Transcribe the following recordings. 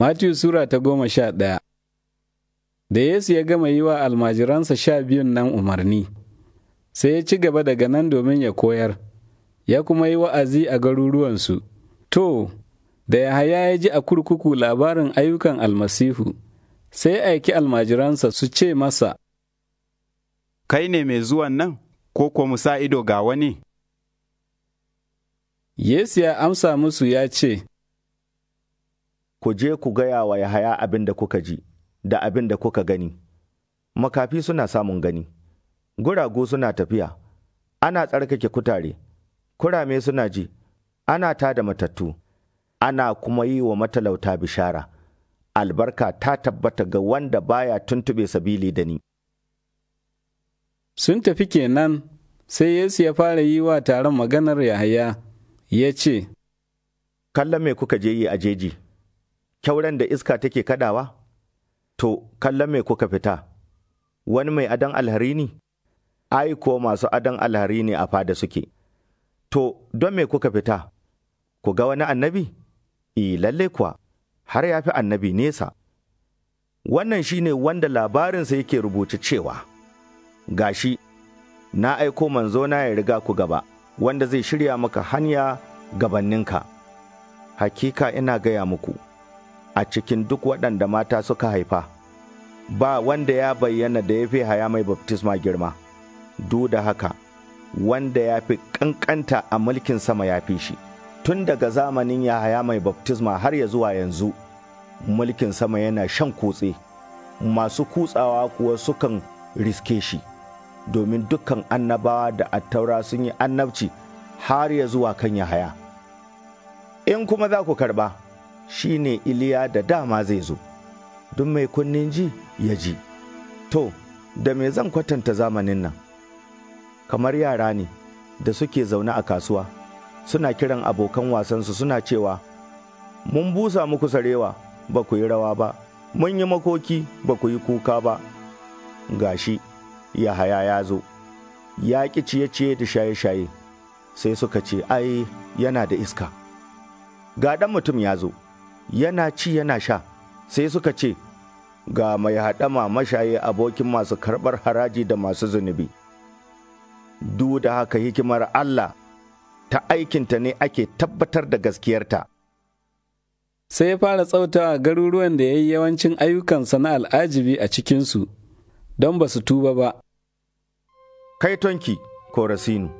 Matiyu Sura ta goma sha ɗaya Da Yesu ya gama yi wa almajiransa sha biyun nan umarni, sai ya ci gaba daga nan domin ya koyar, ya kuma yi wa'azi a garuruwansu. To, da ya haya ya ji a kurkuku labarin ayyukan almasihu, sai aiki almajiransa su ce masa, Kai ne mai zuwan nan, ko kuwa mu ido ga wani? Yesu ya amsa musu ya ce, ku je ku gaya wa Yahaya abin da kuka ji, da abin da kuka gani. Makafi suna samun gani, guragu suna tafiya, ana tsarkake kutare, kurame suna ji, ana ta da matattu, ana kuma yi wa matalauta bishara. albarka ta tabbata ga wanda baya tuntube sabili da ni. Sun tafi kenan sai Yesu ya fara yi wa taron maganar Yahaya, ya ce, Kallon me kuka je yi a jeji, kyauren da iska take kadawa? To, kallon me kuka fita, wani mai adon alhari ne? Ai, masu adon alhari ne a fada suke. To, don me kuka fita, ku ga wani annabi? I, eh, lalle kuwa, har ya fi annabi nesa. Wannan shi ne wanda labarinsa yake rubuce cewa, Gashi, na aiko manzona ya riga ku gaba, wanda zai shirya maka hanya gabanninka. Hakika ina gaya muku. a cikin duk waɗanda mata suka haifa, ba wanda ya bayyana da ya fi haya mai baftisma girma, du da haka, wanda ya fi ƙanƙanta a mulkin sama ya fi shi. Tun daga zamanin ya haya mai baftisma har ya zuwa yanzu, mulkin sama yana shan kutse, masu kutsawa kuwa sukan riske shi, domin dukkan annabawa da attaura sun yi annabci har ya zuwa kan ya haya. In kuma za ku karɓa. shi ne iliya da dama zai zo don mai kunnin ji ya ji to da me zan kwatanta zamanin nan kamar yara ne da suke zaune a kasuwa suna kiran abokan wasansu suna cewa mun busa muku sarewa ba ku yi rawa ba mun yi makoki ba ku yi kuka ba Ga gashi yahaya ya zo ya ƙi ciye-ciye da shaye-shaye sai suka ce ai yana da iska ga ɗan mutum ya zo yana ci yana sha sai suka ce ga mai haɗama mashaye abokin masu karɓar haraji da masu zunubi duk da haka hikimar Allah ta aikinta ne ake tabbatar da gaskiyarta sai ya fara tsauta garuruwan da ya yi yawancin ayyukansa na al'ajibi a cikinsu don ba su tuba ba kaitonki korasinu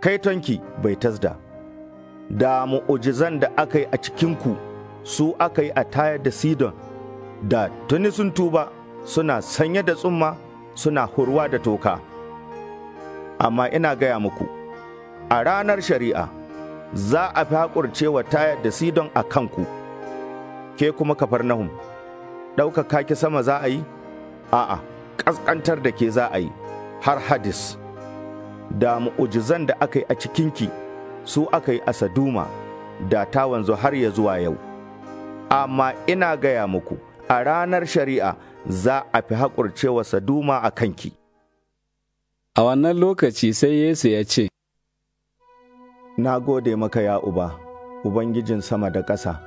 kaitonki bai tasda da mu'ujizan da aka yi a cikinku su aka yi a tayar da sidon da tuni sun tuba suna sanye da tsumma suna hurwa da toka amma ina gaya muku a ranar shari'a za a fi haƙurcewa tayar da sidon a kanku ke kuma kafar kafarnahum ɗaukaka ki sama za a yi a'a ƙasƙantar da ke za a yi har hadis da mu'ujizan da aka yi a cikinki su aka yi a saduma da ta wanzu har ya zuwa yau amma ina gaya muku a ranar shari'a za a fi haƙurcewa saduma a kanki. A wannan lokaci sai Yesu ya ce, Na gode maka ya Uba, Ubangijin sama da ƙasa,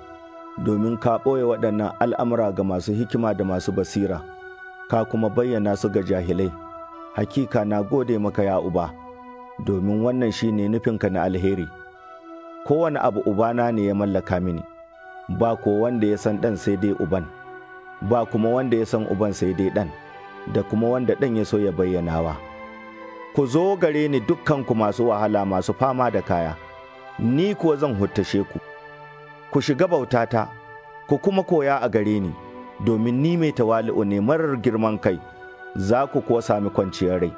domin ka ɓoye waɗannan al'amura ga masu hikima da masu basira, ka kuma bayyana su ga jahilai. Hakika na gode maka ya Uba, domin wannan shi ne nufinka na alheri. Kowane abu Ubana ne ya mallaka mini. ba ko wanda ya san ɗan sai dai uban, ba kuma wanda ya san uban sai dai ɗan, da kuma wanda ɗan ya so ya bayyanawa. Ku zo gare ni dukkanku masu wahala masu fama da kaya, ni kuwa zan huttashe ku, ku shiga bautata, ku kuma koya a gare ni, domin ni mai tawali'u ne marar girman kai, za ku kuwa sami kwanciyar rai,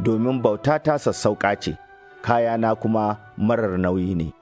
domin bautata sassauka ce, kayana kuma marar nauyi ne.